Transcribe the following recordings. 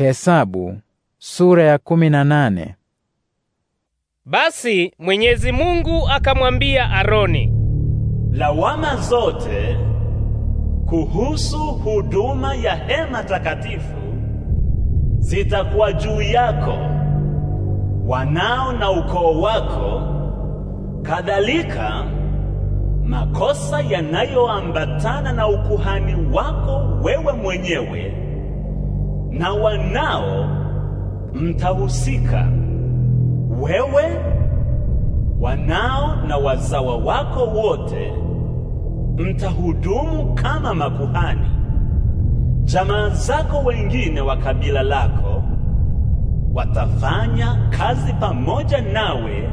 Hesabu sura ya kumi na nane. Basi Mwenyezi Mungu akamwambia Aroni, lawama zote kuhusu huduma ya hema takatifu zitakuwa juu yako, wanao na ukoo wako, kadhalika makosa yanayoambatana na ukuhani wako wewe mwenyewe na wanao mtahusika, wewe, wanao na wazawa wako wote mtahudumu kama makuhani. Jamaa zako wengine wa kabila lako watafanya kazi pamoja nawe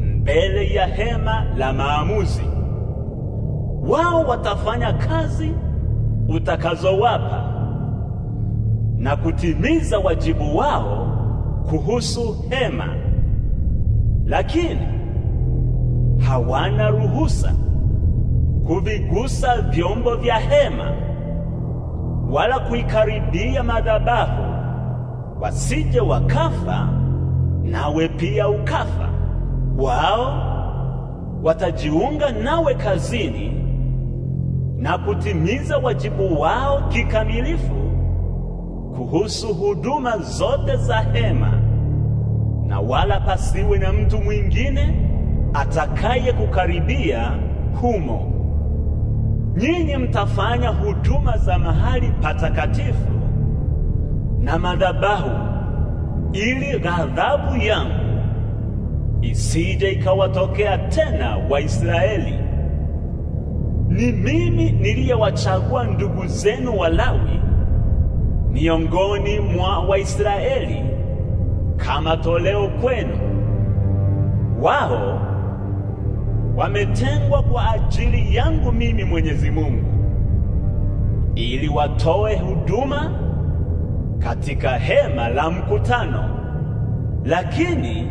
mbele ya hema la maamuzi. Wao watafanya kazi utakazowapa na kutimiza wajibu wao kuhusu hema, lakini hawana ruhusa kuvigusa vyombo vya hema wala kuikaribia madhabahu, wasije wakafa nawe pia ukafa. Wao watajiunga nawe kazini na kutimiza wajibu wao kikamilifu kuhusu huduma zote za hema, na wala pasiwe na mtu mwingine atakaye kukaribia humo. Nyinyi mtafanya huduma za mahali patakatifu na madhabahu, ili ghadhabu yangu isije ikawatokea tena Waisraeli. Ni mimi niliyewachagua ndugu zenu Walawi miongoni mwa Waisraeli kama toleo kwenu. Wao wametengwa kwa ajili yangu mimi Mwenyezi Mungu ili watoe huduma katika hema la mkutano, lakini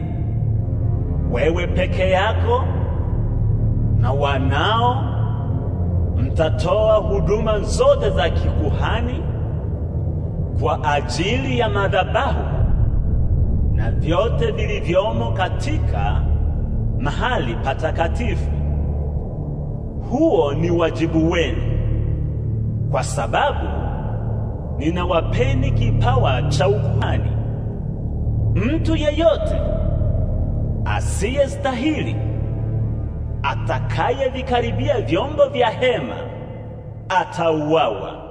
wewe peke yako na wanao mtatoa huduma zote za kikuhani kwa ajili ya madhabahu na vyote vilivyomo katika mahali patakatifu. Huo ni wajibu wenu, kwa sababu ninawapeni kipawa cha ukuhani. Mtu yeyote asiyestahili atakayevikaribia vyombo vya hema atauawa.